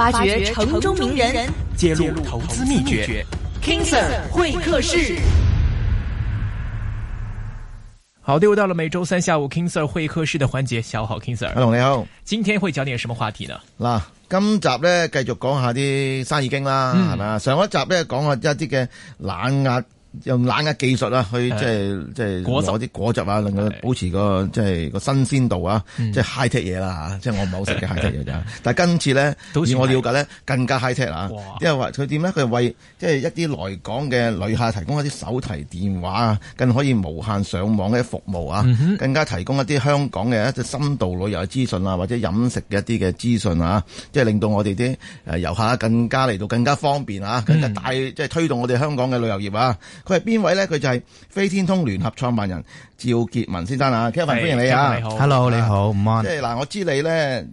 挖掘城中名人，揭露投資祕訣。King Sir 會客室，好的，又到了每周三下午 King Sir 會客室的環節。下午好，King Sir。阿龍你好，今天會講點什麼話題呢？嗱，今集咧繼續講下啲生意經啦，係、嗯、嘛？上一集咧講下一啲嘅冷壓。用冷嘅技術啦，去即係即係攞啲果汁啊，能夠保持個即係個新鮮度啊、嗯，即係 high tech 嘢啦嚇，即係我唔係好識嘅 high tech 嘢啫。但係今次呢，好似我了解呢，更加 high tech 啊，因為話佢點呢？佢係為即係一啲來港嘅旅客提供一啲手提電話啊，更可以無限上網嘅服務啊，更加提供一啲香港嘅一啲深度旅遊嘅資訊啊，或者飲食嘅一啲嘅資訊啊，即係令到我哋啲誒遊客更加嚟到更加方便啊，更加帶即係推動我哋香港嘅旅遊業啊。佢係邊位咧？佢就係飛天通聯合創辦人趙杰文先生啊，Kevin 歡迎你啊！Hello 你好，唔該、uh,。Uh, uh. 即係嗱，我知你咧。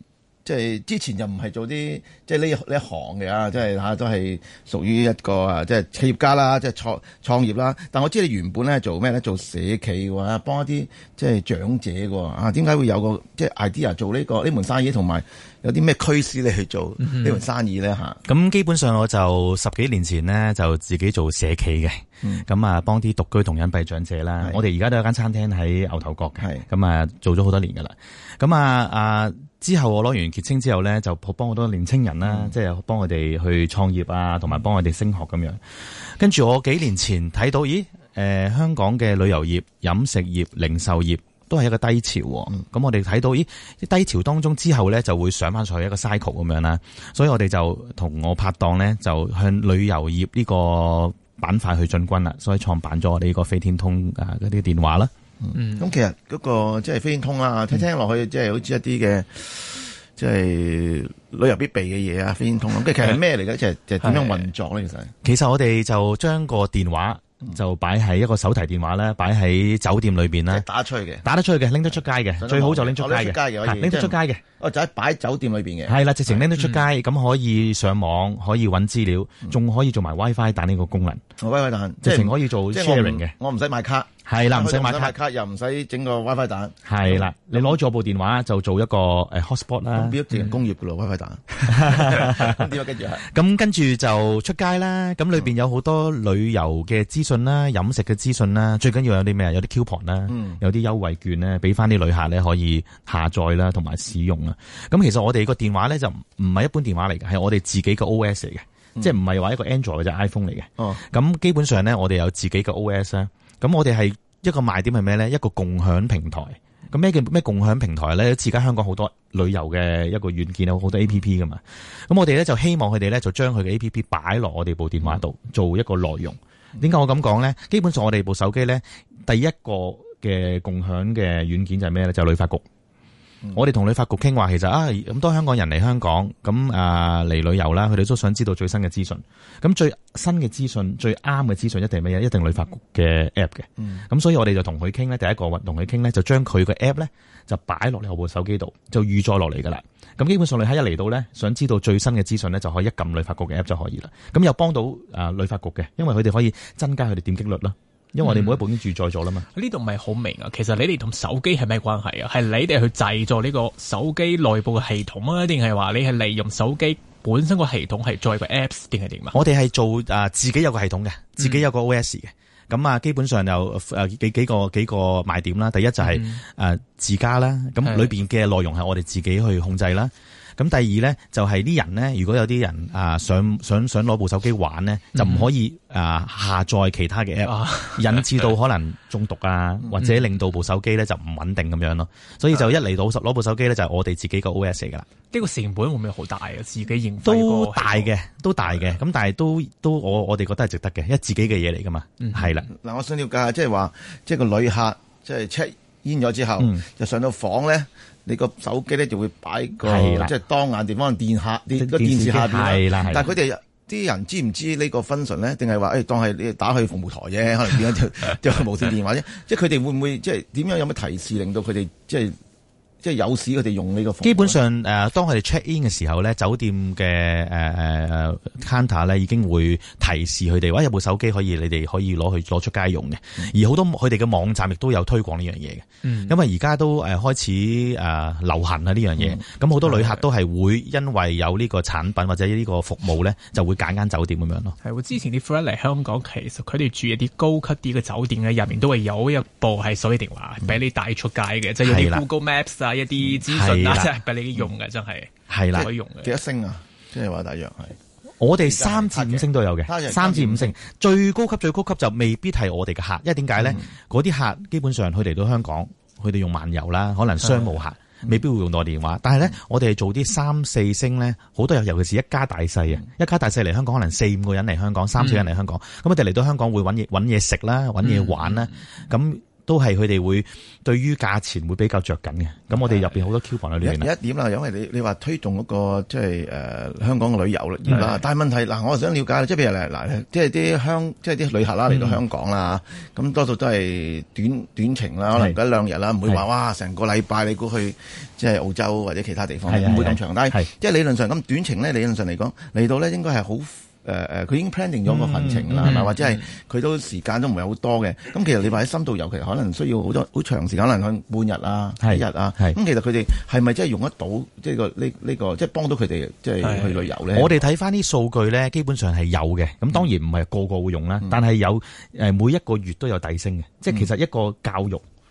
即係之前就唔係做啲即係呢呢行嘅啊，即係都係屬於一個啊，即係企業家啦，即係創創業啦。但我知你原本咧做咩咧？做社企嘅喎，幫一啲即係長者嘅喎啊！點解會有個即係 idea 做呢個呢門生意？同埋有啲咩驅使你去做呢門生意咧咁、嗯嗯、基本上我就十幾年前呢就自己做社企嘅，咁啊幫啲獨居同隱蔽長者啦、嗯。我哋而家都有間餐廳喺牛頭角嘅，咁啊做咗好多年㗎啦。咁啊啊～啊之後我攞完結清之後呢，就幫好多年青人啦、嗯，即係幫佢哋去創業啊，同埋幫佢哋升學咁樣。跟住我幾年前睇到，咦？呃、香港嘅旅遊業、飲食業、零售業都係一個低潮喎。咁、嗯、我哋睇到咦？低潮當中之後呢，就會上翻上去一個 cycle 咁樣啦。所以我哋就同我拍檔呢，就向旅遊業呢個板塊去進軍啦。所以創辦咗我哋呢個飛天通啊嗰啲電話啦。嗯，咁、嗯、其實嗰、那個即係、就是、飛天通啦、啊，聽聽落去即係好似一啲嘅，即、就、係、是、旅遊必備嘅嘢啊，飛天通咁其實係咩嚟嘅？即係即係點樣運作咧？其實、就是，其實我哋就將個電話就擺喺一個手提電話咧，擺喺酒店裏邊啦、嗯、打出去嘅，打得出嘅，拎得出街嘅，最好就拎出街嘅，拎得出街嘅，拎得出街嘅、就是就是。哦，就擺喺酒店裏邊嘅，係啦，直情拎得出街，咁、嗯、可以上網，可以揾資料，仲、嗯、可以做埋 WiFi 打呢個功能。WiFi 蛋，直情可以做 sharing 嘅，我唔使買卡，係啦，唔使買卡，又買卡又唔使整個 WiFi 蛋，係啦、嗯，你攞住部電話就做一個誒、嗯、hotspot 啦工業嘅、嗯、WiFi 蛋，跟住咁跟住就出街啦，咁 裏邊有好多旅遊嘅資訊啦，飲、嗯、食嘅資訊啦，最緊要有啲咩啊？有啲 coupon 啦，有啲優惠券咧，俾翻啲旅客咧可以下載啦，同埋使用啊。咁、嗯嗯、其實我哋個電話咧就唔係一般電話嚟嘅，係我哋自己個 OS 嚟嘅。即係唔係話一個 Android 或者 iPhone 嚟嘅，咁、哦、基本上咧我哋有自己嘅 O.S. 啦。咁我哋係一個賣點係咩咧？一個共享平台，咁咩叫咩共享平台咧？而家香港好多旅遊嘅一個軟件啊，好多 A.P.P. 噶嘛，咁我哋咧就希望佢哋咧就將佢嘅 A.P.P. 擺落我哋部電話度做一個內容。點解我咁講咧？基本上我哋部手機咧第一個嘅共享嘅軟件就係咩咧？就係旅發局。我哋同旅發局傾話，其實啊，咁多香港人嚟香港，咁啊嚟旅遊啦，佢哋都想知道最新嘅資訊。咁最新嘅資訊，最啱嘅資訊一定係乜嘢？一定旅發局嘅 app 嘅。咁、嗯、所以我哋就同佢傾咧，第一個運同佢傾咧，就將佢個 app 咧就擺落你部手機度，就預咗落嚟噶啦。咁基本上旅客一嚟到咧，想知道最新嘅資訊咧，就可以一撳旅發局嘅 app 就可以啦。咁又幫到啊旅發局嘅，因為佢哋可以增加佢哋點擊率啦。因為我哋每一本已經住在咗啦嘛、嗯，呢度唔係好明啊。其實你哋同手機係咩關係啊？係你哋去製作呢個手機內部嘅系統啊，定係話你係利用手機本身個系統係載個 apps 定係點啊？我哋係做誒、呃、自己有個系統嘅，自己有個 OS 嘅。咁啊，基本上有誒幾幾個幾個賣點啦。第一就係、是、誒、嗯呃、自家啦，咁裏邊嘅內容係我哋自己去控制啦。咁第二咧，就係、是、啲人咧，如果有啲人啊，想想想攞部手機玩咧，嗯、就唔可以啊下載其他嘅 app，嗯、引致到可能中毒啊，嗯、或者令到部手機咧就唔穩定咁樣咯。嗯、所以就一嚟到攞部手機咧，就係我哋自己 OS、嗯、個 OS 㗎啦。呢個成本會唔會好大？自己認都大嘅，都大嘅。咁但係都都我我哋覺得係值得嘅，因為自己嘅嘢嚟噶嘛。嗯，係啦。嗱，我想了解下，即係話，即、就、係、是、個旅客即係 check in 咗之後，就上到房咧。嗯呢你個手機呢就會擺個即係當眼地方電客，個電視客。視下面。但係佢哋啲人知唔知呢個 function 呢？定係話誒當係你打去服務台啫，可能點樣就就無線電話啫？ 即係佢哋會唔會即係點樣有咩提示，令到佢哋即係？即係有時佢哋用呢個服務呢個。基本上誒、呃，當佢哋 check in 嘅時候咧，酒店嘅誒誒 counter 咧已經會提示佢哋，或者有部手機可以你哋可以攞去攞出街用嘅。而好多佢哋嘅網站亦都有推廣呢樣嘢嘅。因為而家都誒開始誒、呃、流行係呢樣嘢，咁、嗯、好、嗯、多旅客都係會因為有呢個產品或者呢個服務咧，就會揀間酒店咁樣咯。係喎，之前啲 friend 嚟香港，其實佢哋住一啲高級啲嘅酒店咧，入面都係有一部係手機電話俾你帶出街嘅，即係啲 Google Maps 買一啲資訊啊，真係俾你用嘅，嗯，真係係啦，可以用嘅。幾多星啊？即係話大約係，我哋三至五星都有嘅，三至五星，星最高級最高級就未必係我哋嘅客，因為點解咧？嗰、嗯、啲客基本上佢嚟到香港，佢哋用漫遊啦，可能商務客、嗯、未必會用到電話，但係咧，嗯，我哋做啲三四星咧，好多有，尤其是一家大細啊、嗯，一家大細嚟香港，可能四五個人嚟香港，三四人嚟香港，咁我哋嚟到香港會揾嘢揾嘢食啦，揾嘢玩啦，咁、嗯。都係佢哋會對於價錢會比較著緊嘅，咁我哋入面好多 Q 房喺裏面。有有一點啦，因為你你話推動嗰、嗰個即係誒香港嘅旅遊啦，但問題嗱，我想了解即係譬如嗱，即係啲香即係啲旅客啦嚟到香港啦，咁多數都係短短程啦，可能一兩日啦，唔會話哇成個禮拜你估去即係澳洲或者其他地方，唔會咁長。但係即係理論上咁短程咧，理論上嚟講嚟到咧應該係好。誒、呃、誒，佢已經 planning 咗個行程啦，係、嗯、咪？或者係佢都時間都唔係好多嘅。咁其實你話喺深度遊，其實可能需要好多好長時間，可能去半日啊、一日啊。咁其實佢哋係咪真係用得到？即係個呢呢個，即係幫到佢哋即係去旅遊咧？我哋睇翻啲數據咧，基本上係有嘅。咁當然唔係個個會用啦、嗯，但係有誒每一個月都有遞升嘅。即係其實一個教育。嗯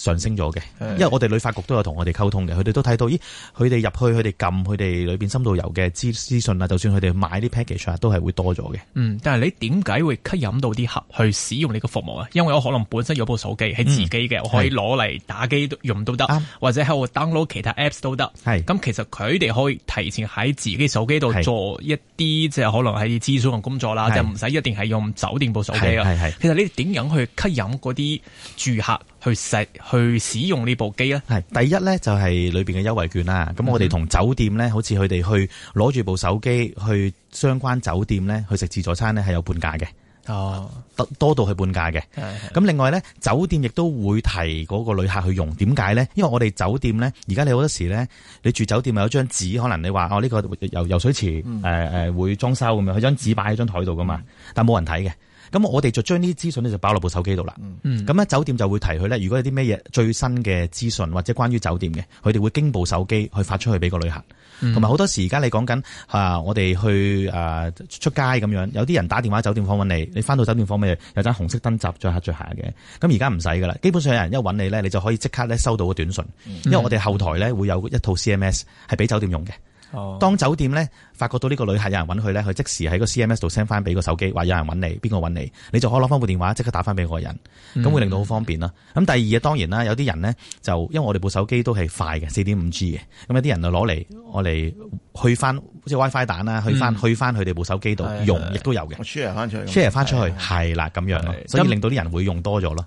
上升咗嘅，因為我哋旅發局都有同我哋溝通嘅，佢哋都睇到，咦？佢哋入去佢哋撳佢哋裏面深度遊嘅資資訊啦，就算佢哋買啲 package 都係會多咗嘅。嗯，但係你點解會吸引到啲客去使用你個服務啊？因為我可能本身有部手機係自己嘅，我、嗯、可以攞嚟打機用都得、嗯，或者喺度 download 其他 apps 都得。咁、嗯、其實佢哋可以提前喺自己手機度做一啲，即係可能係諮詢同工作啦，就唔、是、使一定係用酒店部手機。係其實你點樣去吸引嗰啲住客？去使去使用部機，呢部機咧，係第一咧就係、是、裏邊嘅優惠券啦。咁、嗯、我哋同酒店咧，好似佢哋去攞住部手機去相關酒店咧，去食自助餐咧係有半價嘅。哦，多多到去半價嘅。咁另外咧，酒店亦都會提嗰個旅客去用。點解咧？因為我哋酒店咧，而家你好多時咧，你住酒店咪有張紙，可能你話哦呢、這個游游水池，誒、呃、誒、呃、會裝修咁樣，佢張紙擺喺張台度噶嘛，但冇人睇嘅。咁我哋就將呢啲資訊咧就擺落部手機度啦。咁、嗯、咧酒店就會提佢咧，如果有啲咩嘢最新嘅資訊或者關於酒店嘅，佢哋會經部手機去發出去俾個旅客。同埋好多時而家你講緊啊，我哋去誒、啊、出街咁樣，有啲人打電話酒店房揾你，你翻到酒店房咩？有盞紅色燈閘着下着下嘅。咁而家唔使噶啦，基本上有人一揾你咧，你就可以即刻咧收到個短信，因為我哋後台咧會有一套 CMS 係俾酒店用嘅。當酒店咧發覺到呢個旅客有人揾佢咧，佢即時喺個 C M S 度 send 翻俾個手機，話有人揾你，邊個揾你，你就可以攞翻部電話即刻打翻俾嗰個人，咁、嗯、會令到好方便咯。咁第二嘅當然啦，有啲人咧就因為我哋部手機都係快嘅，四點五 G 嘅，咁有啲人就攞嚟我嚟去翻即係 WiFi 蛋啦，去翻去翻佢哋部手機度用，亦都、嗯、的有嘅 share 翻出去，share 翻出去係啦咁樣咯，的所以令到啲人會用多咗咯。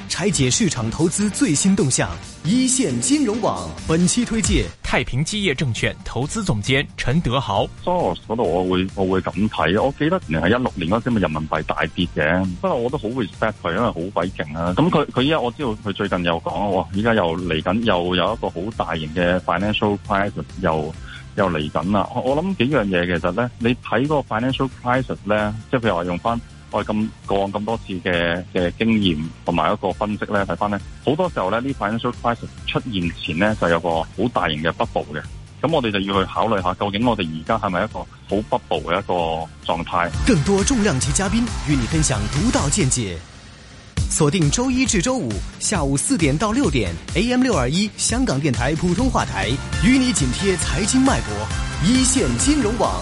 拆解市場投資最新動向，一線金融網本期推介太平基業證券投資總監陳德豪。咁我嗰度我會我會咁睇，我記得係一六年嗰陣咪人民幣大跌嘅，不過我都好 respect 佢，因為好鬼勁啊。咁佢佢依家，我知道佢最近又講，哇，依家又嚟緊又有一個好大型嘅 financial crisis，又又嚟緊啦。我我諗幾樣嘢其實咧，你睇嗰個 financial crisis 咧，即係譬如話用翻。我咁過往咁多次嘅嘅經驗同埋一個分析咧，睇翻咧好多時候咧呢塊 interest rate 出現前咧就有個好大型嘅 bubble 嘅，咁我哋就要去考慮下究竟我哋而家係咪一個好 bubble 嘅一個狀態。更多重量級嘉賓與你分享獨到見解，鎖定周一至周五下午四點到六點 AM 六二一香港電台普通話台，與你緊貼財經脈搏，一線金融網。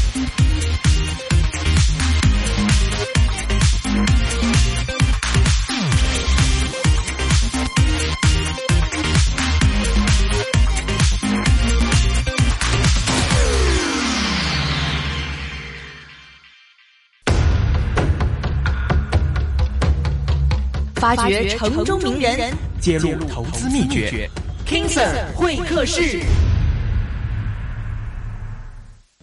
發掘城中，中名人，揭露投資秘訣，訣 King Sir 會客室。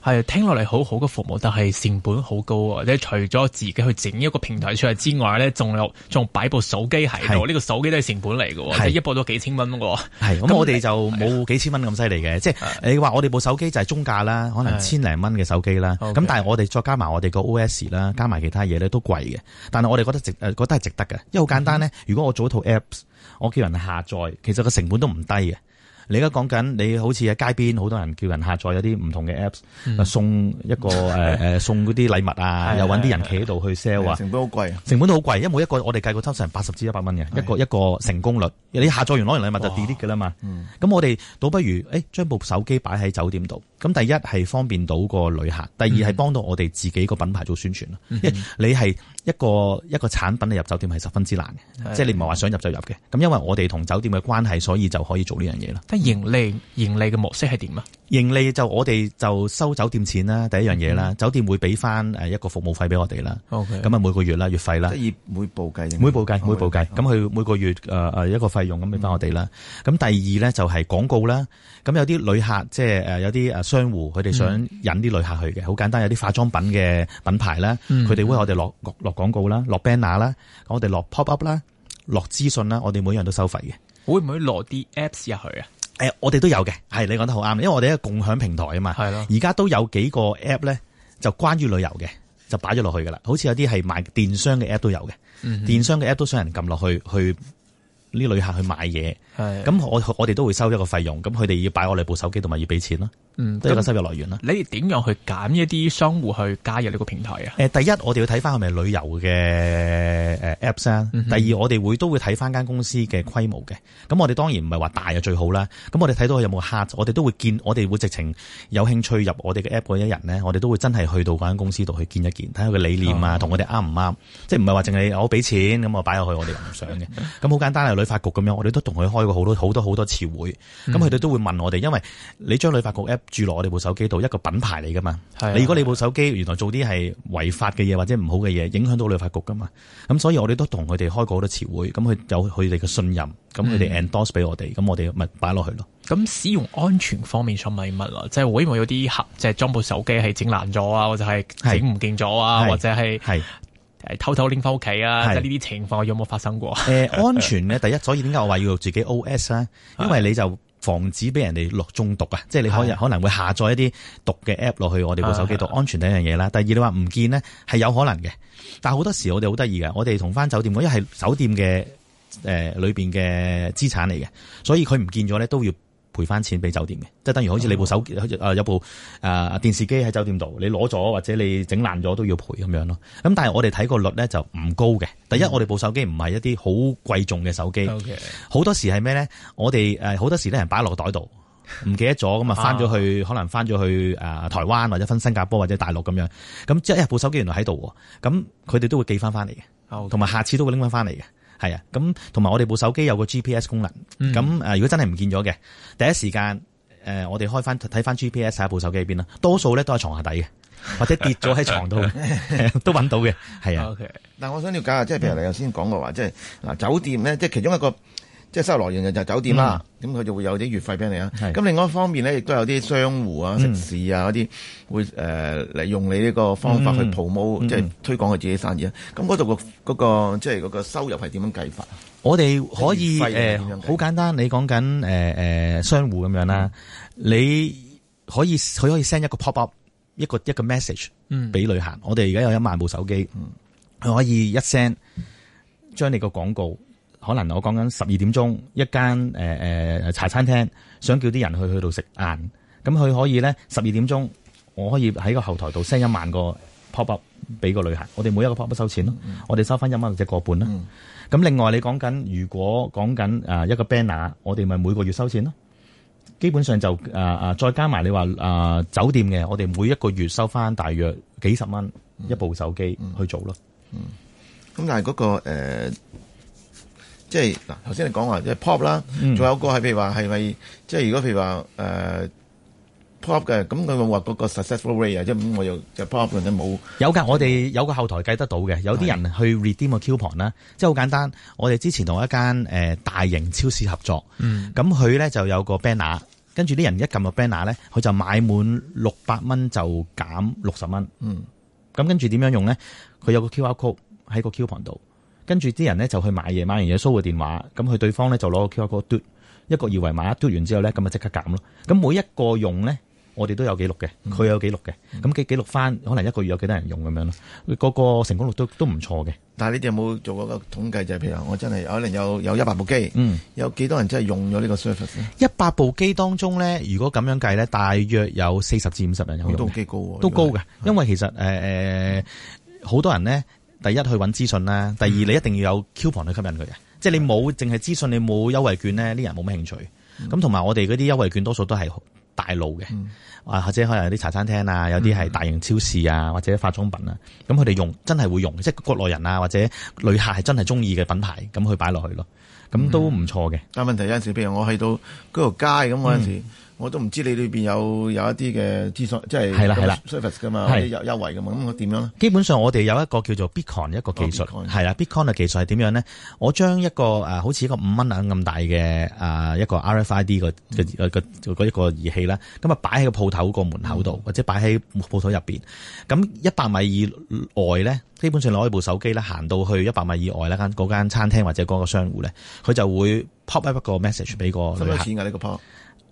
係聽落嚟好好嘅服務，但係成本好高啊！即係除咗自己去整一個平台出嚟之外咧，仲有仲擺部手機喺度，呢、這個手機都係成本嚟嘅，喎，係、就是、一部都幾千蚊喎。咁、嗯，我哋就冇幾千蚊咁犀利嘅，即係你話我哋部手機就係中價啦，可能千零蚊嘅手機啦。咁、啊 okay，但係我哋再加埋我哋個 O.S. 啦，加埋其他嘢咧都貴嘅。但係我哋覺得值，覺得係值得嘅，因為好簡單咧。如果我做一套 Apps，我叫人下載，其實個成本都唔低嘅。你而家講緊你好似喺街邊好多人叫人下載一啲唔同嘅 apps，、嗯、送一個、呃、 送嗰啲禮物啊，又搵啲人企喺度去 sell 啊。成本好貴啊，成本都好貴因為每一個我哋計過抽成八十至一百蚊嘅一個一個成功率。你下載完攞完禮物就 delete 㗎啦嘛。咁、嗯、我哋倒不如誒將部手機擺喺酒店度。咁第一係方便到個旅客，第二係幫到我哋自己個品牌做宣傳、嗯、因為你係一個一個產品你入酒店係十分之難嘅，即係你唔係話想入就入嘅。咁因為我哋同酒店嘅關係，所以就可以做呢樣嘢啦。但盈利盈利嘅模式係點啊？盈利就我哋就收酒店錢啦，第一樣嘢啦。酒店會俾翻誒一個服務費俾我哋啦。咁、okay. 啊每個月啦月費啦。每，步計，哦、每步計，每步計，每步計。咁佢每個月誒誒、呃、一個費用咁俾翻我哋啦。咁、嗯、第二咧就係、是、廣告啦。咁有啲旅客即係誒有啲誒商戶佢哋想引啲旅客去嘅。好、嗯、簡單，有啲化妝品嘅品牌啦，佢、嗯、哋會我哋落。攞。廣告啦，落 banner 啦，我哋落 pop up 啦，落資訊啦，我哋每樣都收費嘅。會唔會落啲 apps 入去啊？誒，我哋都有嘅，係你講得好啱。因為我哋一個共享平台啊嘛，係咯。而家都有幾個 app 咧，就關於旅遊嘅，就擺咗落去噶啦。好似有啲係賣電商嘅 app 都有嘅，嗯，電商嘅 app 都想人撳落去，去呢旅客去買嘢。係咁，我我哋都會收一個費用。咁佢哋要擺我哋部手機，同埋要俾錢咯。即都係個收入來源啦。你點樣去揀一啲商戶去加入呢個平台啊？誒，第一我哋要睇翻係咪旅遊嘅誒 apps 先，嗯。第二我哋會都會睇翻間公司嘅規模嘅。咁我哋當然唔係話大就最好啦。咁我哋睇到佢有冇客，我哋都會見，我哋會直情有興趣入我哋嘅 app 嗰啲人咧，我哋都會真係去到嗰間公司度去見一見，睇下佢理念啊同我哋啱唔啱。即係唔係話淨係我俾錢咁我擺入去我哋唔想嘅。咁、嗯、好簡單係旅發局咁樣，我哋都同佢開過好多好多好多次會。咁佢哋都會問我哋，因為你將旅發局 app 住落我哋部手機度，一個品牌嚟噶嘛。如果你部手機原來做啲係違法嘅嘢或者唔好嘅嘢，影響到旅發局噶嘛。咁所以我哋都同佢哋開過好多次會，咁佢有佢哋嘅信任，咁佢哋 endorse 俾我哋，咁、嗯、我哋咪擺落去咯。咁、嗯、使用安全方面想問乜啊？即係會唔會有啲客即係裝部手機係整爛咗啊？或者係整唔見咗啊？或者係係偷偷拎翻屋企啊？即係呢啲情況有冇發生過？誒、呃，安全呢， 第一，所以點解我話要自己 OS 咧、啊？因為你就。防止俾人哋落中毒啊！即係你可以可能會下載一啲毒嘅 app 落去我哋部手機度，啊，安全第一樣嘢啦。第二，你話唔見呢，係有可能嘅，但係好多時我哋好得意嘅，我哋同翻酒店嗰一係酒店嘅誒裏面嘅資產，嚟嘅，所以佢唔見咗咧都要。賠翻錢俾酒店嘅，即係等於好似你手機部手機，誒有部誒電視機喺酒店度，你攞咗或者你整爛咗都要賠咁樣咯。咁但係我哋睇個率咧就唔高嘅。第一，我哋部手機唔係一啲好貴重嘅手機，好、okay。多時係咩咧？我哋誒好多時咧人擺落袋度，唔記得咗咁啊，翻咗去可能翻咗去誒台灣或者翻新加坡或者大陸咁樣，咁即係一部手機原來喺度，咁佢哋都會寄翻翻嚟嘅，同埋下次都會拎翻翻嚟嘅。係啊、咁同埋我哋部手機有個 GPS 功能，咁、嗯嗯、如果真係唔見咗嘅，第一時間誒、呃、我哋開翻睇翻 GPS 喺部手機邊啦，多數咧都係床下底嘅， 或者跌咗喺床度 都揾到嘅，係啊、okay。但係我想了解下，即係譬如你頭先講過話，即係嗱酒店咧，即係其中一個。即係收來源就酒店啦，咁、嗯、佢就會有啲月費俾你啊。咁另外一方面咧，亦都有啲商戶啊、嗯、食肆啊嗰啲會誒嚟、呃、用你呢個方法去 promote，即係推廣佢自己生意啊。咁嗰度個嗰、嗰個即係嗰個收入係點樣計法？我哋可以誒，好、呃、簡單。你講緊誒誒商戶咁樣啦、嗯，你可以佢可以 send 一個 pop up，一個一個 message，俾旅客、嗯。我哋而家有一萬部手機，佢、嗯、可以一 send 將你個廣告。可能我講緊十二點鐘一間誒、呃、茶餐廳，想叫啲人去去度食晏，咁、嗯、佢可以咧十二點鐘，我可以喺個後台度 send 一萬個 pop up 俾個女孩，我哋每一個 pop up 收錢咯、嗯嗯，我哋收翻一蚊或者個半啦。咁、嗯、另外你講緊如果講緊誒一個 banner，我哋咪每個月收錢咯。基本上就誒、呃、再加埋你話誒、呃、酒店嘅，我哋每一個月收翻大約幾十蚊一部手機去做咯。咁、嗯嗯嗯、但係嗰、那個、呃即係嗱，頭先你講話即係 pop 啦，仲、嗯、有個係譬如話係咪即係如果譬如話、呃、pop 嘅，咁佢咪話嗰個 successful rate 啊？即係、嗯、我又就 pop 嗰啲冇有噶？我哋有個後台計得到嘅，有啲人去 redeem 個 coupon 啦，即係好簡單。我哋之前同一間大型超市合作，咁佢咧就有個 banner，跟住啲人一撳個 banner 咧，佢就買滿六百蚊就減六十蚊。嗯，咁跟住點樣用咧？佢有個 QR code 喺個 coupon 度。跟住啲人咧就去買嘢，買完嘢收個電話，咁佢對方咧就攞個 QR code 嘟一個二維碼，嘟完之後咧咁就即刻減咯。咁每一個用咧，我哋都有，錄有錄、嗯、幾記錄嘅，佢有記錄嘅，咁記記錄翻可能一個月有幾多人用咁樣咯。個個成功率都都唔錯嘅。但係你哋有冇做過個統計？就係譬如我真係可能有有一百部機，有幾多人真係用咗呢個 service？一百部機當中咧，如果咁樣計咧，大約有四十至五十人有用。都幾高，都高嘅，因為其實誒誒好、呃、多人咧。第一去揾資訊啦，第二、嗯、你一定要有 coupon 去吸引佢嘅、嗯，即係你冇淨係資訊，你冇優惠券咧，啲人冇咩興趣。咁同埋我哋嗰啲優惠券多數都係大路嘅、嗯，或者可能有啲茶餐廳啊，有啲係大型超市啊，或者化妝品啊，咁佢哋用真係會用，嗯、即係國內人啊或者旅客係真係中意嘅品牌咁去擺落去咯，咁、嗯、都唔錯嘅。但問題有陣時，譬如我去到嗰條街咁嗰陣時。嗯我都唔知你裏邊有有一啲嘅資訊，即係 service 噶嘛，或者有優惠噶嘛。咁我點樣咧？基本上我哋有一個叫做 Bitcoin 一個技術係啦 Bitcoin 嘅技術係點樣咧？我將一個誒、啊、好似一個五蚊硬咁大嘅誒、啊、一個 RFID 個個嗰一個儀器啦，咁啊擺喺個鋪頭個門口度、嗯，或者擺喺鋪頭入邊。咁一百米以外咧，基本上攞一部手機咧，行到去一百米以外咧，嗰間餐廳或者嗰個商戶咧，佢就會 pop up message、嗯、個 message 俾、這個呢個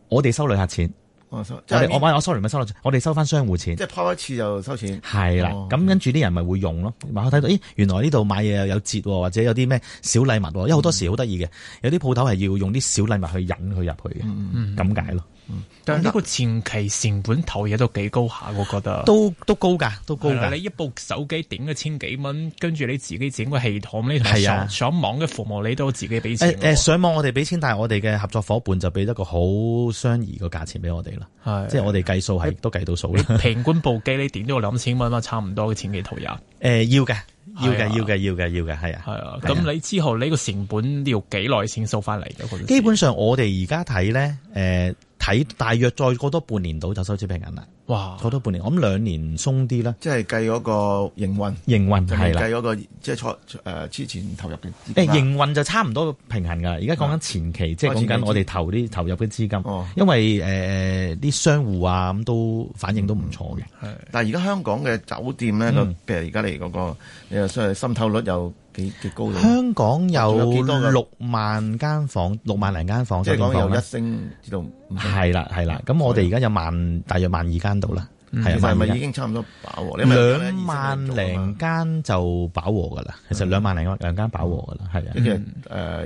我哋收旅客錢，哦就是、我，我 Sorry，收，即係我買我收嚟咪收落，我哋收翻商戶錢，即係拋一次就收錢，係啦，咁跟住啲人咪會用咯，咪睇到咦，原來呢度買嘢又有折，或者有啲咩小禮物，因為好多時好得意嘅，有啲鋪頭係要用啲小禮物去引佢入去嘅，咁解咯。嗯、但係呢個前期成本投入都幾高下，我覺得都都高噶都高噶、啊。你一部手機點咗千幾蚊，跟住你自己整個系統，你啊。上網嘅服務，你都自己俾錢。誒、欸欸、上網我哋俾錢，但係我哋嘅合作夥伴就俾得個好相宜嘅價錢俾我哋啦、啊。即係我哋計數係都計到數。平均部機你點咗兩千蚊，嘛差唔多嘅前期投入。誒、呃，要嘅，要嘅、啊，要嘅，要嘅，要嘅，係啊，係啊。咁、啊啊、你之後呢個成本要幾耐先收翻嚟？基本上我哋而家睇咧，誒、呃。睇大約再過多半年度就收支平衡啦。哇，過多半年，我諗兩年鬆啲啦。即係計嗰個營運，營運係啦，計、就、嗰、是那個即係措誒之前投入嘅。誒、欸、營運就差唔多平衡噶。而家講緊前期，即係講緊我哋投啲投入嘅資金，前前因為誒啲、呃、商戶啊咁都反應都唔錯嘅、嗯。但係而家香港嘅酒店咧，譬、嗯、如而家嚟嗰個誒滲透率又。幾,幾高香港、啊、有六萬間房，六萬零間房，即係講有一星至到五星。係啦係啦，咁我哋而家有萬大約萬二間到啦，係咪咪已經差唔多飽和？兩萬零間就飽和噶啦、嗯，其實兩萬零兩間飽和噶啦，係啊，跟住誒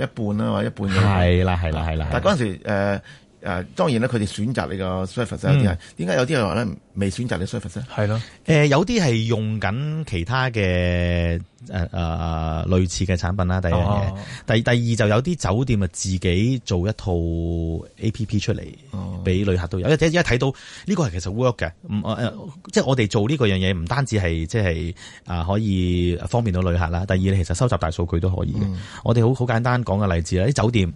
一半啦，或一半嘅。係啦係啦係啦，但嗰陣時誒。呃誒，當然咧，佢哋選擇你個 service 有啲人，點解有啲人咧未選擇你 service 咧？係咯，誒，有啲係、嗯呃、用緊其他嘅誒誒誒類似嘅產品啦。第一樣嘢，哦，第第二就有啲酒店啊自己做一套 A P P 出嚟，俾、哦、旅客都有。一者睇到呢、這個係其實 work 嘅，呃，即係我哋做呢個樣嘢唔單止係即係啊可以方便到旅客啦。第二其實收集大數據都可以嘅，嗯。我哋好好簡單講個例子啦，啲酒店。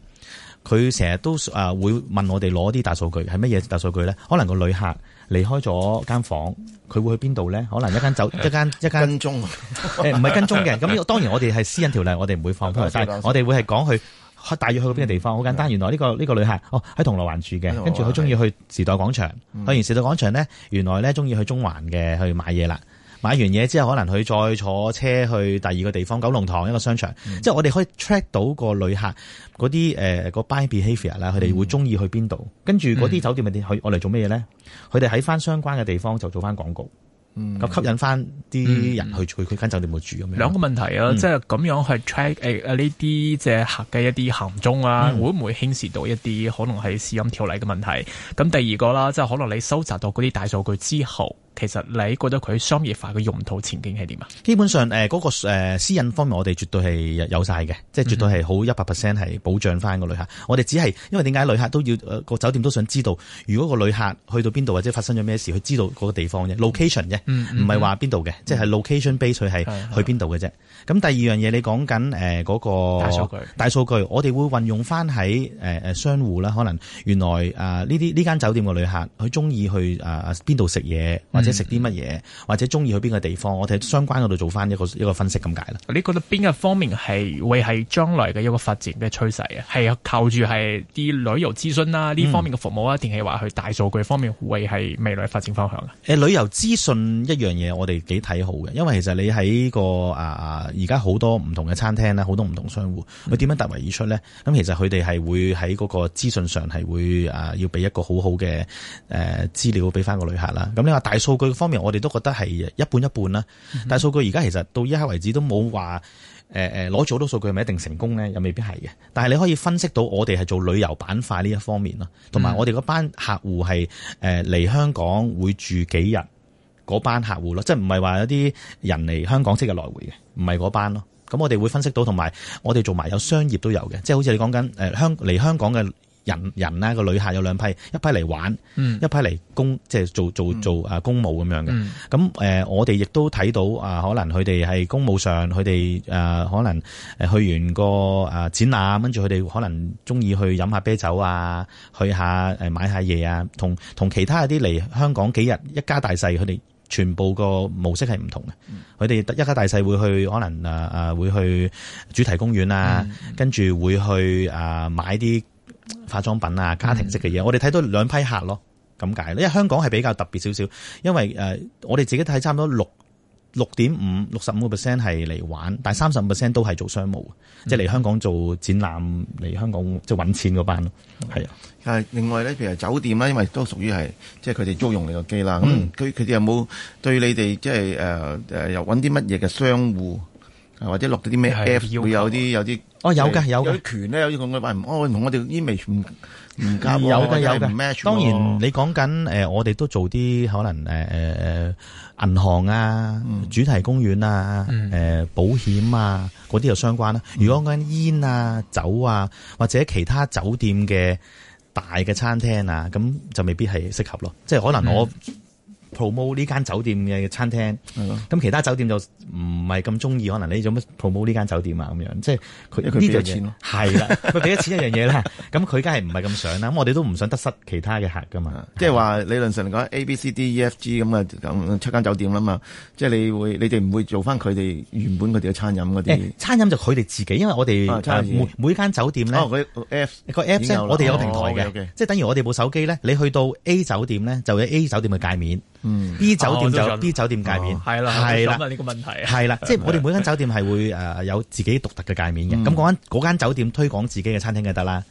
佢成日都誒會問我哋攞啲大數據，係乜嘢大數據咧？可能個旅客離開咗間房，佢會去邊度咧？可能一間酒一間一間 跟蹤，唔係跟蹤嘅。咁 當然我哋係私隱條例，我哋唔會放開， 但係我哋會係講佢大約去到邊個地方。好簡單，原來呢個呢個旅客哦喺銅鑼灣住嘅，跟住佢中意去時代廣場，去完時代廣場咧，原來咧中意去中環嘅去買嘢啦。買完嘢之後，可能佢再坐車去第二個地方，九龍塘一個商場。嗯、即係我哋可以 track 到個旅客嗰啲誒個 buy behavior 啦，佢哋會中意去邊度？跟住嗰啲酒店咪啲佢我哋做咩嘢咧？佢哋喺翻相關嘅地方就做翻廣告，咁、嗯、吸引翻啲人去、嗯、去佢間酒店度住咁樣。兩個問題啊，即係咁樣去 track 誒呢啲即係客嘅一啲行蹤啊、嗯，會唔會牽涉到一啲可能係私隱條例嘅問題？咁、嗯、第二個啦，即、就、係、是、可能你收集到嗰啲大數據之後。其實你覺得佢商業化嘅用途前景係點啊？基本上誒嗰、那個私隱方面，我哋絕對係有晒嘅，mm -hmm. 即係絕對係好一百 percent 係保障翻個旅客。我哋只係因為點解旅客都要、呃那個酒店都想知道，如果個旅客去到邊度或者發生咗咩事，佢知道嗰個地方啫，location 啫，唔係話邊度嘅，mm -hmm. 即係 location base，佢係去邊度嘅啫。咁、mm -hmm. 第二樣嘢，你講緊誒嗰個大數據，大數據我哋會運用翻喺誒商戶啦，可能原來啊呢啲呢間酒店嘅旅客，佢中意去啊邊度食嘢。呃或者食啲乜嘢，或者中意去邊個地方，我哋喺相關嗰度做翻一個一個分析咁解啦。你覺得邊個方面係會係將來嘅一個發展嘅趨勢啊？係啊靠住係啲旅遊諮詢啦，呢方面嘅服務啊，定係話去大數據方面會係未來發展方向啊？誒、呃、旅遊資訊一樣嘢，我哋幾睇好嘅，因為其實你喺個啊啊而家好多唔同嘅餐廳咧好多唔同商戶，佢、嗯、點樣突圍而出咧？咁其實佢哋係會喺嗰個資訊上係會啊、呃、要俾一個好好嘅誒資料俾翻個旅客啦。咁你話大數。數據方面，我哋都覺得係一半一半啦。但係數據而家其實到依家為止都冇話誒誒攞咗好多數據係咪一定成功咧？又未必係嘅。但係你可以分析到，我哋係做旅遊板塊呢一方面咯，同埋我哋嗰班客戶係誒嚟香港會住幾日嗰班客戶咯，即係唔係話有啲人嚟香港即日來回嘅，唔係嗰班咯。咁我哋會分析到，同埋我哋做埋有商業都有嘅，即係好似你講緊誒香嚟香港嘅。人人啦，個旅客有兩批，一批嚟玩，嗯，一批嚟公，即係做做做公務咁樣嘅。咁、嗯、誒、嗯呃，我哋亦都睇到啊、呃，可能佢哋係公務上，佢哋誒可能去完個誒展覽，跟住佢哋可能中意去飲下啤酒啊，去下誒買下嘢啊。同同其他啲嚟香港幾日一家大細，佢哋全部個模式係唔同嘅。佢、嗯、哋一家大細會去可能誒誒、呃、會去主題公園啊，跟、嗯、住會去誒、呃、買啲。化妝品啊，家庭式嘅嘢，我哋睇到兩批客咯，咁解。因為香港係比較特別少少，因為誒、呃，我哋自己睇差唔多六六點五六十五個 percent 係嚟玩，但係三十五 percent 都係做商務，即係嚟香港做展覽，嚟香港即係搵錢嗰班咯，係、嗯、啊。但另外咧，譬如酒店啦，因為都屬於係，即係佢哋租用你個機啦。咁佢佢哋有冇對你哋即係誒誒，又搵啲乜嘢嘅商戶，或者落咗啲咩 f 會有啲有啲。哦，有嘅有嘅，有權咧，有啲咁嘅話，我我哋依未唔唔夾，有嘅有嘅 m 當然你講緊誒，我哋都做啲可能誒誒、呃、銀行啊、主題公園啊、嗯呃、保險啊嗰啲又相關啦、嗯。如果講緊煙啊、酒啊，或者其他酒店嘅大嘅餐廳啊，咁就未必係適合咯。即、就、係、是、可能我。嗯 promo 呢間酒店嘅餐廳，咁、嗯、其他酒店就唔係咁中意，可能你做乜 promo 呢間酒店啊？咁樣即係佢呢就錢咯，係啦，佢俾咗錢一樣嘢啦。咁佢梗係唔係咁想啦？咁我哋都唔想得失其他嘅客噶、嗯就是 e, 嘛。即係話理論上嚟講，A、B、C、D、E、F、G 咁啊，七間酒店啦嘛。即係你會，你哋唔會做翻佢哋原本佢哋嘅餐飲嗰啲。餐飲就佢哋自己，因為我哋每、啊、每，每間酒店咧，哦那個 app 咧，我哋有個平台嘅、哦 okay, okay，即係等於我哋部手機咧，你去到 A 酒店咧，就有 A 酒店嘅界面。嗯，B 酒店就、哦、B 酒店界面，係、哦、啦，係啦，呢、啊這個問題，係啦，即、就、係、是、我哋每間酒店係會誒有自己獨特嘅界面嘅，咁講緊嗰間酒店推廣自己嘅餐廳就得啦。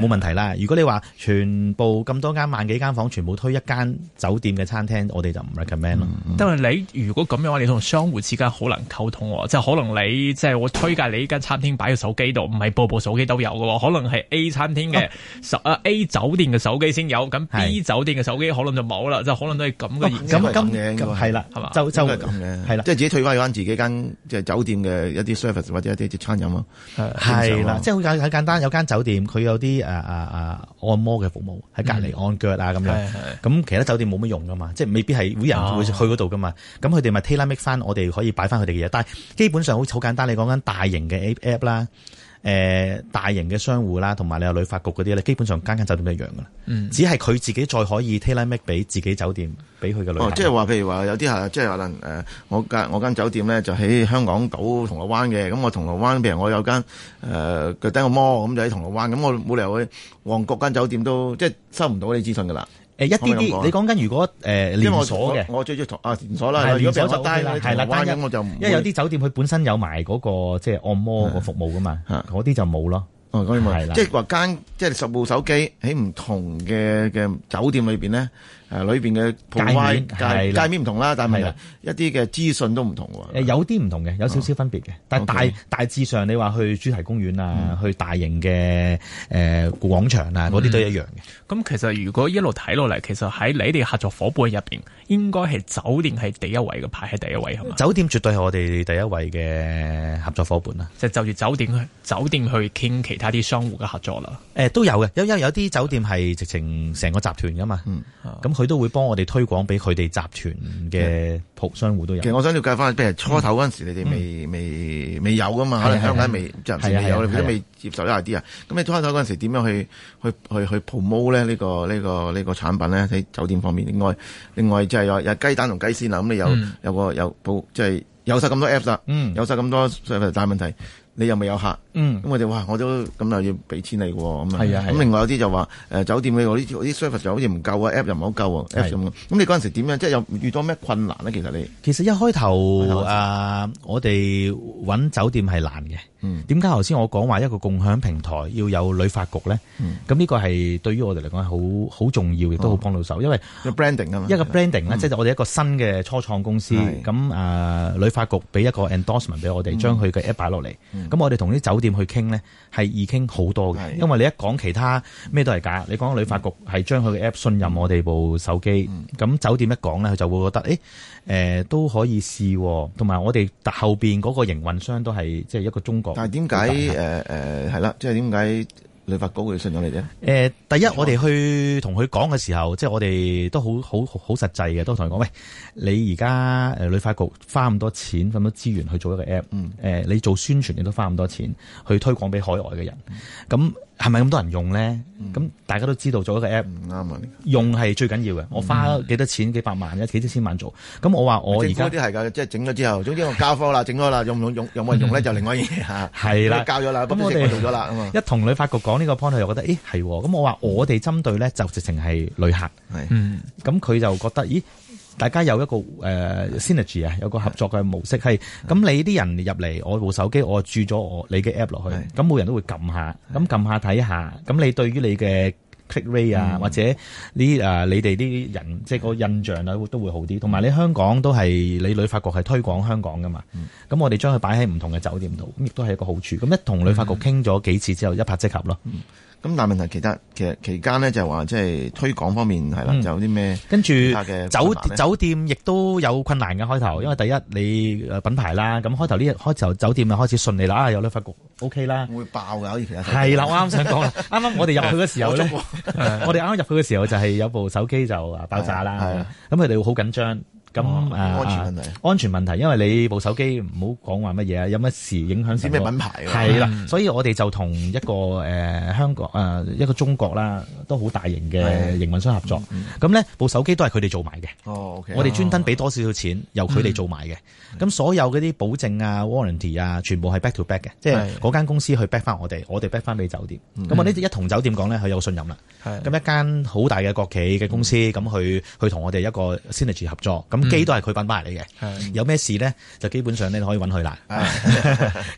冇問題啦。如果你話全部咁多間萬幾間房全部推一間酒店嘅餐廳，我哋就唔 recommend 咯。因為你如果咁樣話，你同商戶之間好難溝通喎。係、就是、可能你即係、就是、我推介你呢間餐廳擺喺手機度，唔係部部手機都有㗎喎。可能係 A 餐廳嘅、啊、A 酒店嘅手機先有，咁 B 酒店嘅手機可能就冇啦。就可能都係咁嘅咁嘅咁嘅係啦，係嘛？就就係咁嘅啦，即係自己推介翻自己間即係酒店嘅一啲 service 或者一啲啲餐飲啊。係啦、啊，即係好簡單，有間酒店佢有啲。啲誒誒誒按摩嘅服務，喺隔籬、嗯、按腳啊咁樣，咁其他酒店冇乜用噶嘛，即係未必係會有人會去嗰度噶嘛，咁佢哋咪 take make 翻我哋可以擺翻佢哋嘅嘢，但係基本上好好簡單，你講緊大型嘅 app 啦。誒、呃、大型嘅商戶啦，同埋你有旅發局嗰啲咧，基本上間間酒店都一樣噶啦，嗯，只係佢自己再可以 tailor make 俾自己酒店，俾佢嘅旅客。哦，即係話譬如話有啲係，即係可能誒，我間我間酒店咧就喺香港島銅鑼灣嘅，咁我銅鑼灣譬如我有間誒腳底個摩咁就喺銅鑼灣，咁我冇理由去旺角間酒店都即係收唔到你啲資訊噶啦。誒一啲啲，你講緊如果誒連鎖嘅，我最中意同啊連鎖啦，係連鎖就低啦，係啦單一，因為有啲酒店佢本身有埋嗰個即係按摩個服務㗎嘛，嚇嗰啲就冇咯。哦，咁又冇，即係話間即係十部手機喺唔同嘅嘅酒店裏邊咧。誒，裏邊嘅界面，界界面唔同啦，但係一啲嘅資訊都唔同。誒，有啲唔同嘅，有少少分別嘅，哦。但係、okay、大大致上，你話去主題公園啊、嗯，去大型嘅誒廣場啊，嗰、嗯、啲都一樣嘅。咁其實如果一路睇落嚟，其實喺你哋合作伙伴入邊，應該係酒店係第一位嘅，排喺第一位係嘛？酒店絕對係我哋第一位嘅合作夥伴啦。就是、就住酒店去，酒店去傾其他啲商戶嘅合作啦。誒、欸，都有嘅，因有啲酒店係直情成個集團噶嘛。咁、嗯。嗯佢都會幫我哋推廣俾佢哋集團嘅鋪商戶都有。其實我想了解返，譬如初頭嗰陣時候你哋，你、嗯、哋未未未有㗎嘛是的？可能香港人是未即係未有，佢都未接受呢啲啊。咁你初頭嗰陣時點樣去去去去 promote 咧、呢個？呢、呢個呢個呢個產品咧，喺酒店方面，另外另外就係有又雞蛋同雞先啦。咁你有有個有即係有曬咁多 app 啦，有晒咁、即係、多 apps，嗯，大問題。你又未有客，嗯咁我哋話我都咁又要俾錢你喎，咁啊咁、啊。另外有啲就話誒、呃，酒店你我啲啲 service 就好似唔夠啊，app 又唔好夠啊，咁咁你嗰陣時點樣？即係有遇到咩困難咧？其實你其實一開頭啊我哋搵酒店係難嘅。嗯，點解頭先我講話一個共享平台要有旅發局咧？嗯，咁呢個係對於我哋嚟講係好好重要，亦都好幫到手，因為個 branding 啊嘛，一個 branding 咧，即係我哋一個新嘅初創公司。咁誒，旅發局俾一個 endorsement 俾我哋，將佢嘅 app 擺落嚟。咁我哋同啲酒店去傾咧，係易傾好多嘅，因為你一講其他咩都係假，你講旅發局係將佢嘅 app 信任我哋部手機。咁酒店一講咧，佢就會覺得誒誒都可以試，同埋我哋後邊嗰個營運商都係即係一個中。但係點解誒誒係啦，即係點解旅發局會信咗你哋咧？誒、呃，第一、嗯、我哋去同佢講嘅時候，即係我哋都好好好實際嘅，都同佢講：喂，你而家誒旅發局花咁多錢、咁多資源去做一個 app，誒、嗯呃，你做宣傳亦都花咁多錢去推廣俾海外嘅人，咁、嗯。係咪咁多人用咧？咁、嗯、大家都知道咗個 app 唔啱啊！用係最緊要嘅、嗯，我花幾多錢，幾百萬，幾多千萬做。咁、嗯、我話我而家啲係噶，即係整咗之後，總之我交科啦，整咗啦，用唔用用，有冇人用咧、嗯、就另外一嘢吓。係啦，交咗啦、嗯，不過我哋做咗啦一同旅發局講呢個 point，又覺得，咦係，咁我話我哋針對咧就直情係旅客，係，咁、嗯、佢就覺得，咦？大家有一個誒 synergy 啊，有個合作嘅模式係咁，你啲人入嚟，我部手機我注咗我你嘅 app 落去，咁每人都會撳下，咁撳下睇下，咁你對於你嘅 click rate 啊、嗯、或者呢你哋啲人即係、就是、個印象啊，都會好啲，同埋你香港都係你旅發局係推廣香港噶嘛，咁我哋將佢擺喺唔同嘅酒店度，咁亦都係一個好處，咁一同旅發局傾咗幾次之後一拍即合咯。嗯咁但係問題，其他其實期間咧就係話，即係推廣方面係啦，有啲咩跟住酒酒店亦都有困難嘅開頭，因為第一你誒品牌啦，咁開頭呢日開頭酒店就開始順利啦，啊有得發覺 OK 啦，會爆噶，好似其實係啦，我啱想講啦，啱 啱我哋入去嘅時候咧， 我哋啱啱入去嘅時候就係有部手機就爆炸啦，咁佢哋會好緊張。咁安全問題，安全問題，因為你部手機唔好講話乜嘢，有乜事影響？啲咩品牌？係啦，所以我哋就同一個誒香港誒一個中國啦，都好大型嘅營運商合作。咁咧，部手機都係佢哋做埋嘅。哦，我哋專登俾多少少錢由佢哋做埋嘅。咁所有嗰啲保證啊、warranty 啊，全部係 back to back 嘅，即係嗰間公司去 back 翻我哋，我哋 back 翻俾酒店。咁我呢啲一同酒店講咧，佢有信任啦。係咁一間好大嘅國企嘅公司，咁去去同我哋一個 synergy 合作咁。機、嗯、都係佢搵翻嚟嘅，有咩事呢？就基本上呢可以揾佢啦。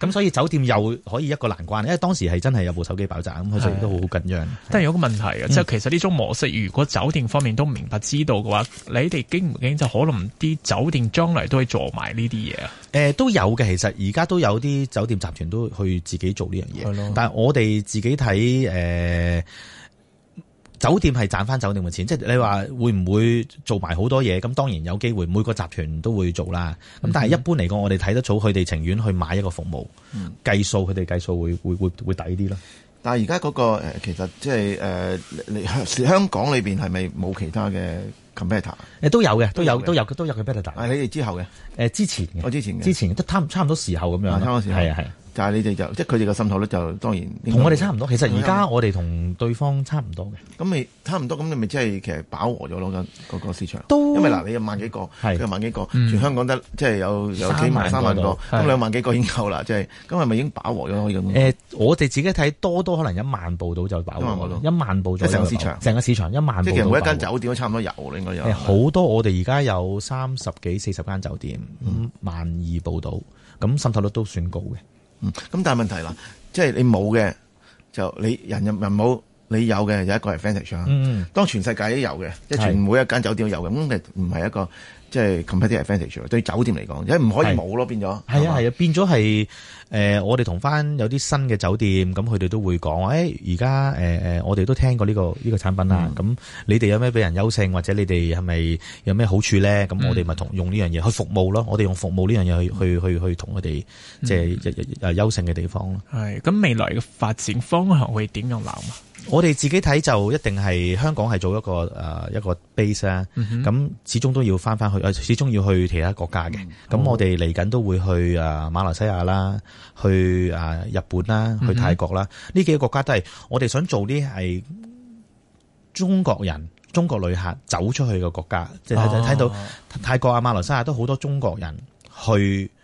咁 所以酒店又可以一個難關，因為當時係真係有部手機爆炸，咁佢都好好緊張。但係有個問題啊，即係其實呢種模式，嗯，如果酒店方面都明白知道嘅話，你哋驚唔驚？就可能啲酒店將來都做埋呢啲嘢啊？誒、呃，都有嘅，其實而家都有啲酒店集團都去自己做呢樣嘢。但係我哋自己睇誒。呃酒店係賺翻酒店嘅錢，即係你話會唔會做埋好多嘢？咁當然有機會，每個集團都會做啦。咁但係一般嚟講，我哋睇得早，佢哋情願去買一個服務，計數佢哋計數會會會會抵啲咯。但係而家嗰個誒，其實即係誒，你香港裏邊係咪冇其他嘅 competitor？誒，都有嘅，都有都有都有嘅 competitor。係你哋之後嘅？誒，之前我之前，嘅之前都差唔差唔多時候咁樣，差唔多時候係係。但、就、係、是、你哋就即係佢哋嘅滲透率就當然同我哋差唔多。其實而家我哋同對方差唔多嘅。咁咪差唔多，咁你咪即係其實飽和咗咯，嗰個市場。都因為嗱，你有萬幾個，佢有萬幾個、嗯，全香港得即係有有幾萬三萬個，咁兩萬幾個已經夠啦，即係咁係咪已經飽和咗？可以。誒，我哋自己睇多多，可能一萬步到就飽和一萬步咗。成個市場，成個市場一萬部。即係每一間酒店都差唔多有應應該有。好多我哋而家有三十幾四十間酒店，萬二步到，咁滲透率都算高嘅。嗯，咁但係問題啦，即係你冇嘅就你人人冇，你有嘅有一個係 advantage 啊、嗯嗯、當全世界都有嘅，即係全每一間酒店都有嘅，咁你唔係一個？即係 competitive advantage 對酒店嚟講，因為唔可以冇咯，變咗係啊，係啊，變咗係誒，我哋同返有啲新嘅酒店，咁佢哋都會講，誒而家誒誒，我哋都聽過呢個呢個產品啦，咁你哋有咩俾人優勝，或者你哋係咪有咩好處咧？咁我哋咪同用呢樣嘢去服務咯，我哋用服務呢樣嘢去去去去同佢哋即係誒優勝嘅地方咯。係，咁未來嘅發展方向會點樣諗啊？我哋自己睇就一定係香港係做一個誒一個 base 啦，咁、嗯、始終都要翻翻去，始終要去其他國家嘅。咁、嗯哦、我哋嚟緊都會去誒馬來西亞啦，去誒日本啦，去泰國啦。呢、嗯、幾個國家都係我哋想做啲係中國人、中國旅客走出去嘅國家，即係睇睇到泰國啊、馬來西亞都好多中國人。去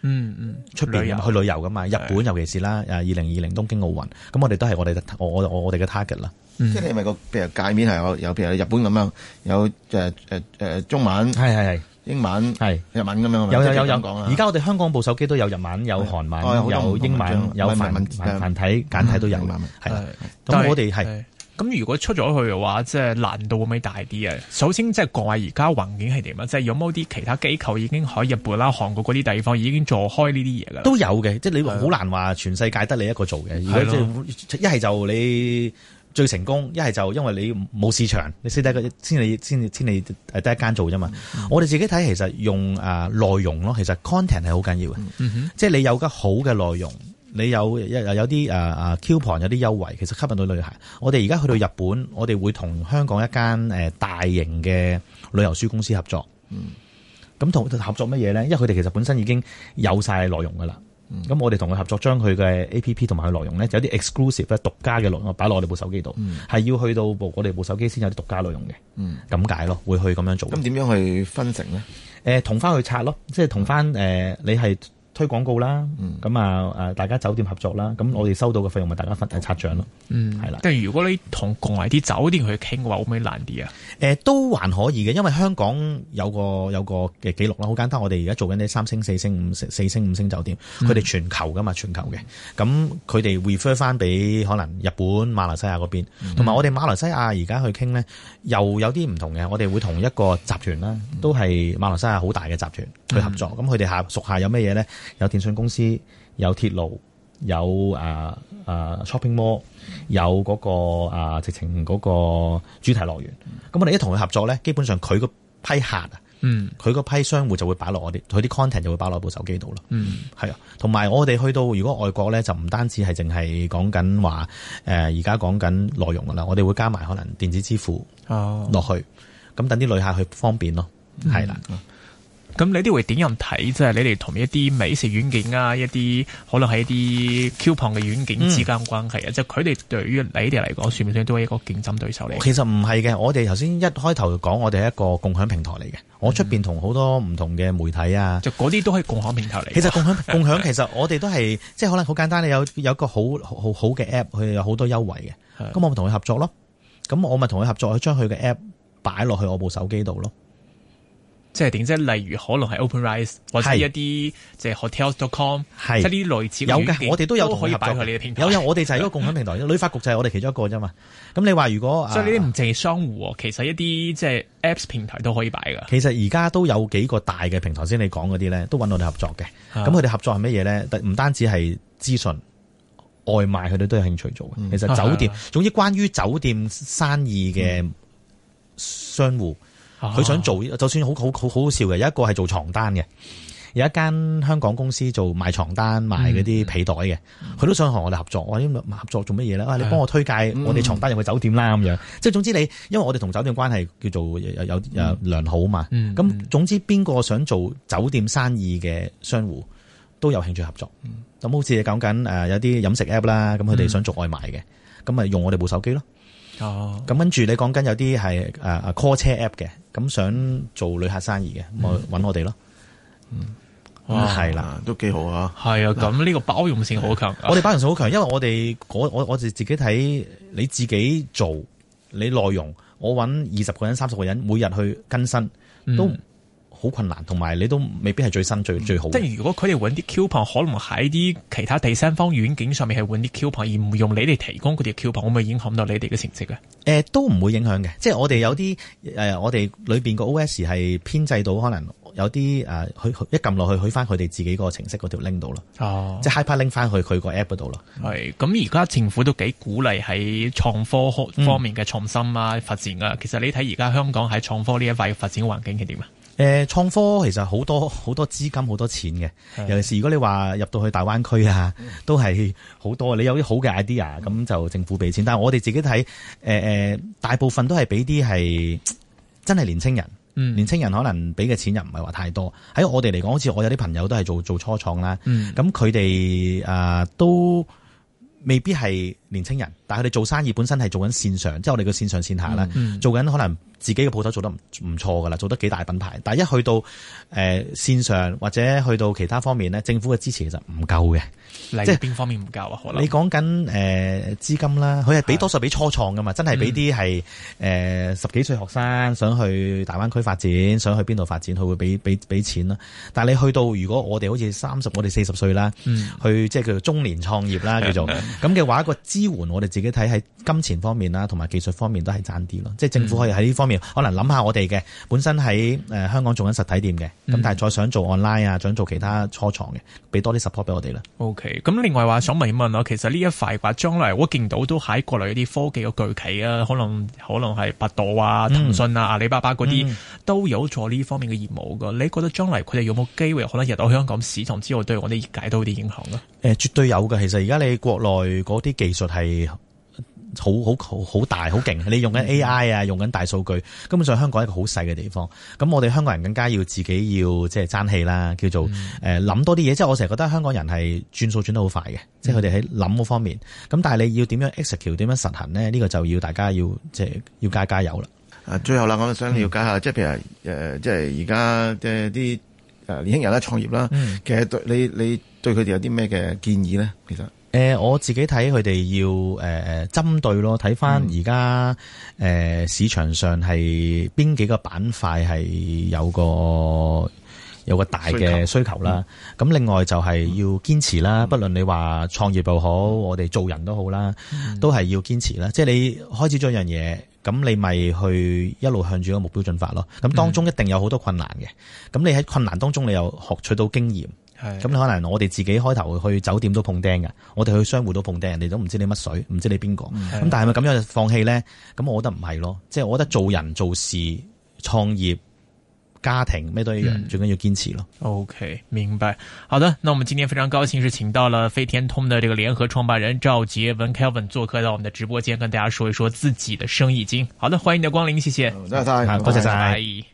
面嗯嗯出邊去旅遊噶嘛？日本尤其是啦，誒二零二零東京奧運，咁我哋都係我哋我我哋嘅 target 啦、嗯。即係你咪個，譬如界面係有有譬如日本咁樣，有誒誒誒中文係係係英文係日文咁樣。有、啊、有有有講啦。而家我哋香港部手機都有日文、有韓文、哦有、有英文、文有繁文文繁繁體簡體都有，係、嗯、啊。咁我哋係。咁如果出咗去嘅話，即係難度會唔會大啲啊？首先，即係國外而家環境係點啊？即係有冇啲其他機構已經喺日本啦、韓國嗰啲地方已經做開呢啲嘢㗎啦？都有嘅，即係你好難話全世界得你一個做嘅。係咯。一係就你最成功，一係就因為你冇市場，你先得個先你先先你係第一間做啫嘛、嗯。我哋自己睇，其實用誒、呃、內容咯，其實 content 係好緊要嘅。嗯哼。即係你有個好嘅內容。你有一有有啲啊 coupon 有啲優惠，其實吸引到旅客。我哋而家去到日本，我哋會同香港一間誒大型嘅旅遊書公司合作。嗯。咁同合作乜嘢咧？因為佢哋其實本身已經有晒內容㗎喇。嗯。咁我哋同佢合作，將佢嘅 A P P 同埋佢內容咧，有啲 exclusive 獨家嘅內容擺落我哋部手機度。嗯。係要去到部我哋部手機先有啲獨家內容嘅。嗯。咁解咯，會去咁樣做。咁點樣去分成咧？呃，同翻去拆咯，即係同翻誒你係。推廣告啦，咁、嗯、啊大家酒店合作啦，咁、嗯、我哋收到嘅費用咪大家分誒拆賬咯，嗯，係啦。即係、嗯、如果你同埋啲酒店去傾嘅話，會唔會難啲啊？誒、呃，都還可以嘅，因為香港有個有個嘅記錄啦。好簡單，我哋而家做緊啲三星、四星、五星、四星、五星酒店，佢哋全球噶嘛、嗯，全球嘅。咁佢哋 refer 翻俾可能日本、馬來西亞嗰邊，同、嗯、埋我哋馬來西亞而家去傾呢，又有啲唔同嘅。我哋會同一個集團啦，都係馬來西亞好大嘅集團去合作。咁佢哋下屬下有咩嘢呢？有電信公司，有鐵路，有啊啊 shopping mall，有嗰、那個啊直情嗰個主題樂園。咁、嗯、我哋一同佢合作咧，基本上佢個批客啊，佢、嗯、個批商戶就會擺落我哋，佢啲 content 就會擺落部手機度咯。嗯，係啊。同埋我哋去到如果外國咧，就唔單止係淨係講緊話誒，而家講緊內容噶啦，我哋會加埋可能電子支付落去，咁等啲旅客去方便咯。係、嗯、啦。係啊咁你啲會點樣睇？即係你哋同一啲美食軟件啊，一啲可能係一啲 coupon 嘅軟件之間關係啊？即係佢哋對於你哋嚟講，算唔算都係一個競爭對手嚟？其實唔係嘅，我哋頭先一開頭講，我哋係一個共享平台嚟嘅。我出邊同好多唔同嘅媒體啊，即嗰啲都係共享平台嚟。其實共享共享，其實我哋都係 即係可能好簡單，你有有個好好好嘅 app，佢有好多優惠嘅。咁我咪同佢合作咯。咁我咪同佢合作，去將佢嘅 app 擺落去我部手機度咯。即係點？即例如，可能係 OpenRice 或者一啲即係 Hotels.com，即係呢啲類似嘅。有嘅，我哋都有都可以擺佢哋嘅平台。有有，我哋就係一個共享平台，旅 發局就係我哋其中一個啫嘛。咁你話如果，所以呢啲唔淨係商戶、啊，其實一啲即係 Apps 平台都可以擺噶。其實而家都有幾個大嘅平台，先你講嗰啲咧，都搵我哋合作嘅。咁佢哋合作係乜嘢咧？唔單止係資訊、外賣，佢哋都有興趣做嘅、嗯。其實酒店，總之關於酒店生意嘅商戶。嗯佢、哦、想做，就算好好好好笑嘅，有一個係做床單嘅，有一間香港公司做賣床單、賣嗰啲被袋嘅，佢、嗯、都想同我哋合作。我、哎、諗合作做乜嘢咧？啊、哎，你幫我推介我哋床單入去、嗯、酒店啦，咁樣。即係總之你，因為我哋同酒店關係叫做有有、有良好啊嘛。咁、嗯、總之邊個想做酒店生意嘅商戶都有興趣合作。咁、嗯、好似你講緊誒，有啲飲食 app 啦、嗯，咁佢哋想做外賣嘅，咁咪用我哋部手機咯。哦，咁跟住你講緊有啲係誒 call 車 app 嘅。咁想做旅客生意嘅，搵、嗯、我哋咯。嗯，哇，係啦，都幾好啊。係啊，咁呢個包容性好強、啊。我哋包容性好強， 因為我哋我我哋自己睇你自己做，你內容，我搵二十個人、三十個人，每日去更新、嗯、都唔。好困難，同埋你都未必係最新最、嗯、最好。即係如果佢哋揾啲 coupon，可能喺啲其他第三方軟件上面係揾啲 coupon，而唔用你哋提供佢哋嘅 coupon，會唔會影響到你哋嘅成績嘅？誒、呃，都唔會影響嘅。即係我哋有啲誒、呃，我哋裏邊個 O S 係編製到可能有啲誒、呃，一撳落去，去翻佢哋自己個程式嗰條 link 度咯。哦，即係 hyper link 翻去佢個 app 嗰度咯。係咁，而、嗯、家政府都幾鼓勵喺創科方方面嘅創新啊、嗯、發展噶、啊。其實你睇而家香港喺創科呢一塊嘅發展環境係點啊？誒、呃，創科其實好多好多資金，好多錢嘅。尤其是如果你話入到去大灣區啊，都係好多。你有啲好嘅 idea，咁 就政府俾錢。但係我哋自己睇，誒、呃、誒，大部分都係俾啲係真係年青人。嗯、年青人可能俾嘅錢又唔係話太多。喺我哋嚟講，好似我有啲朋友都係做做初創啦。咁佢哋誒都未必係。年青人，但係佢哋做生意本身係做緊線上，即係我哋嘅線上線下啦，做、嗯、緊可能自己嘅鋪頭做得唔唔錯㗎啦，做得幾大品牌。但係一去到誒、呃、線上或者去到其他方面咧，政府嘅支持其實唔夠嘅，即係邊方面唔夠啊？可能你講緊誒資金啦，佢係俾多數俾初創㗎嘛，真係俾啲係誒十幾歲學生想去大灣區發展，想去邊度發展，佢會俾俾俾錢咯。但係你去到如果我哋好似三十，我哋四十歲啦，去即係叫做中年創業啦，叫做咁嘅 話，個資支援我哋自己睇喺金錢方面啦，同埋技術方面都係爭啲咯。即係政府可以喺呢方面，嗯、可能諗下我哋嘅本身喺誒香港做緊實體店嘅，咁但係再想做 online 啊，想做其他初創嘅，俾多啲 support 俾我哋啦。OK，咁另外話想問一問咯，其實呢一塊話將來我見到都喺國內啲科技嘅巨企啊，可能可能係百度啊、騰訊啊、阿里巴巴嗰啲、嗯、都有做呢方面嘅業務噶。嗯、你覺得將來佢哋有冇機會可能入到香港市場之後對我哋業界都有啲影響啊，誒、呃，絕對有嘅，其實而家你國內嗰啲技術。係好好好大好勁，你用緊 AI 啊，用緊大數據，根本上香港一個好細嘅地方。咁我哋香港人更加要自己要即係爭氣啦，叫做誒諗、嗯呃、多啲嘢。即係我成日覺得香港人係轉數轉得好快嘅、嗯，即係佢哋喺諗嗰方面。咁但係你要點樣 execute，點樣實行呢？呢、這個就要大家要即係要加加油啦。最後啦，我想了解一下，即、嗯、係譬如誒，即係而家即係啲誒年輕人啦，創業啦，其實對你你對佢哋有啲咩嘅建議呢？其實。誒、呃，我自己睇佢哋要誒誒，針、呃、對咯，睇翻而家誒市場上係邊幾個板塊係有個有個大嘅需求啦。咁、嗯、另外就係要堅持啦，嗯、不論你話創業又好，我哋做人都好啦，都係要堅持啦。嗯、即係你開始咗樣嘢，咁你咪去一路向住個目標進發咯。咁當中一定有好多困難嘅，咁你喺困難當中，你又學取到經驗。咁、嗯，可能我哋自己開頭去酒店都碰釘㗎，我哋去商戶都碰釘，人哋都唔知你乜水，唔知你邊個。咁、嗯、但係咪咁樣就放棄呢？咁、嗯嗯、我覺得唔係咯，即、嗯、係我覺得做人做事創業家庭咩都一樣，最緊要堅持咯。嗯、o、okay, K，明白。好的，那我們今天非常高興是請到了飛天通的這個聯合創辦人趙傑文 Calvin 做客到我們的直播間，跟大家說一說自己的生意經。好的，歡迎你的光臨，謝謝。好、嗯，多謝見。